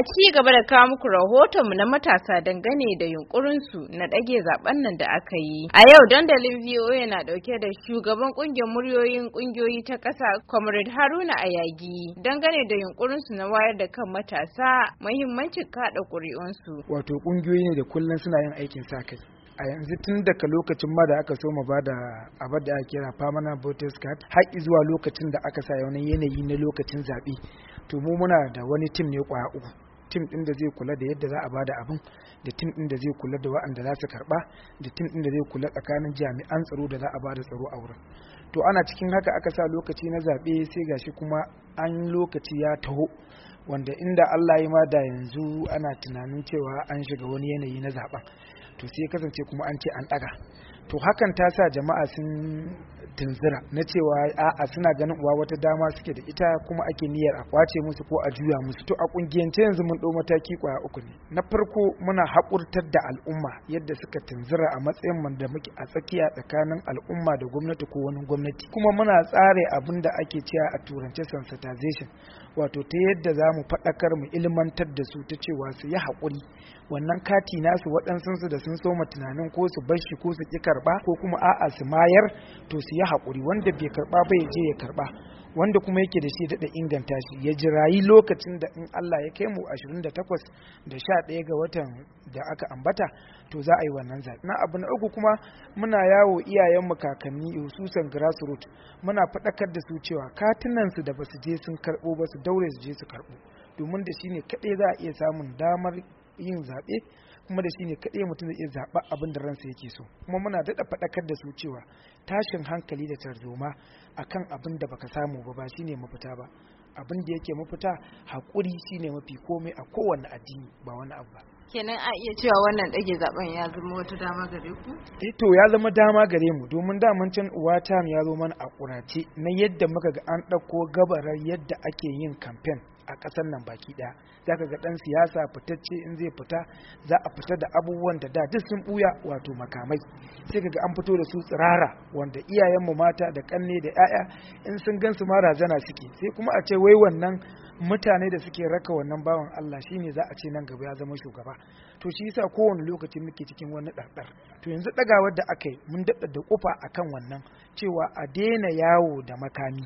A ci gaba da kawo muku mu na matasa dangane da yunkurinsu na ɗage zaben nan da aka yi. A yau dandalin VOA yana ɗauke da shugaban ƙungiyar muryoyin ƙungiyoyi ta ƙasa Comrade Haruna Ayagi dangane da yunkurinsu na wayar da kan matasa muhimmancin kaɗa ƙuri'unsu. Wato ƙungiyoyi ne da kullum suna yin aikin sa kai. a yanzu tun daga lokacin ma da aka so mu bada abar da aka kira permanent voters card har zuwa lokacin da aka sa wani yanayi na lokacin zaɓe to mu muna da wani tim ne kwaya uku tim din da zai kula da yadda za a bada abin da tim din da zai kula da wa'anda za su karba da tim din da zai kula tsakanin jami'an tsaro da za a bada tsaro a wurin to ana cikin haka aka sa lokaci na zaɓe sai gashi kuma an lokaci ya taho wanda inda Allah ya ma da yanzu ana tunanin cewa an shiga wani yanayi na zaɓen to sai kasance kuma an ce an ɗaga to hakan ta sa jama'a sun tunzura na cewa a'a suna ganin uwa wata dama suke da ita kuma ake niyyar a kwace musu ko a juya musu to a kungiyance yanzu mun ɗau mataki kwaya uku ne na farko muna haƙurtar da al'umma yadda suka tunzura a matsayin mu da muke a tsakiya tsakanin al'umma da gwamnati ko wani gwamnati kuma muna tsare abin da ake cewa a turance sensitization wato ta yadda za mu faɗakar mu ilmantar da su ta cewa su yi haƙuri wannan kati nasu waɗansu da sun soma tunanin ko su bar shi ko su ƙi karba ko kuma a'a su mayar to su yi haƙuri wanda bai karba ba ya je ya karba wanda kuma yake da shi daɗa inganta shi ya jirayi lokacin da in Allah ya kai mu 28 da 11 ga watan da aka ambata to za a yi wannan zaɓe na abu na uku kuma muna yawo iyayen mu kakanni hususan grassroot muna faɗakar da su cewa katunansu da basu je sun karɓo ba su daure su je su karɓo domin da shine kaɗai za a iya samun damar yin zaɓe kuma da shi ne kaɗai mutum zai iya zaɓa abin da ransa yake so kuma muna daɗa faɗakar da su cewa tashin hankali da tarzoma a kan abin da baka samu ba ba shi ne mafita ba abin da yake mafita haƙuri shi ne mafi komai a kowane addini ba wani abu ba kenan a iya cewa wannan ɗage zaben ya zama wata dama gare ku? Eh to ya zama dama gare mu domin daman can uwa tam ya zo mana a ƙurace na yadda muka ga an ɗauko gabarar yadda ake yin kamfen a ƙasar nan baki ɗaya za ka ga ɗan siyasa fitacce in zai fita za a fita da abubuwan da da duk sun ɓuya wato makamai sai kaga an fito da su tsirara wanda iyayenmu mata da ƙanne da 'ya'ya in sun gan su ma razana suke sai kuma a ce wai wannan mutane da suke raka wannan bawan Allah shine za a ce nan gaba ya zama shugaba to shi yasa kowane lokaci muke cikin wani ɗarɗar to yanzu ɗagawar da aka yi mun daɗa da kufa akan wannan cewa a daina yawo da makami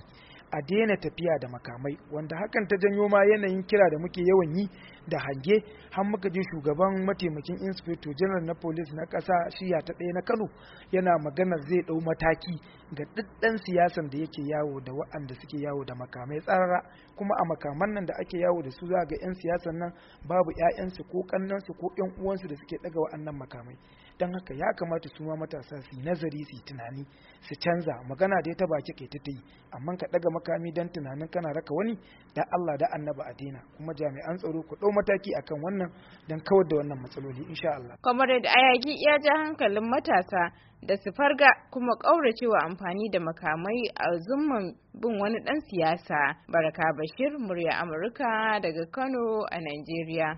a daina tafiya da makamai wanda hakan ta janyo ma yanayin kira da muke yawan yi da hange har muka ji shugaban mataimakin inspector general na police na kasa shiya ta ɗaya na kano yana maganar zai ɗau mataki ga ɗiɗɗan siyasan da yake yawo da waɗanda suke yawo da makamai tsarara kuma a makaman nan da ake yawo da su za ga 'yan siyasan nan babu 'ya'yansu ko kannansu ko 'yan uwansu da suke ɗaga waɗannan makamai don haka ya kamata su ma matasa su yi nazari su yi tunani su canza magana da ta baki kai ta ta yi amma ka daga makami don tunanin kana raka wani da Allah da annaba a daina kuma jami'an tsaro ku ɗau mataki akan wannan don kawar da wannan matsaloli insha Allah. da Ayagi ya ja hankalin matasa da su farga kuma ƙauracewa amfani da makamai a zumman bin wani ɗan siyasa. Baraka Bashir, murya Amurka daga Kano a nigeria.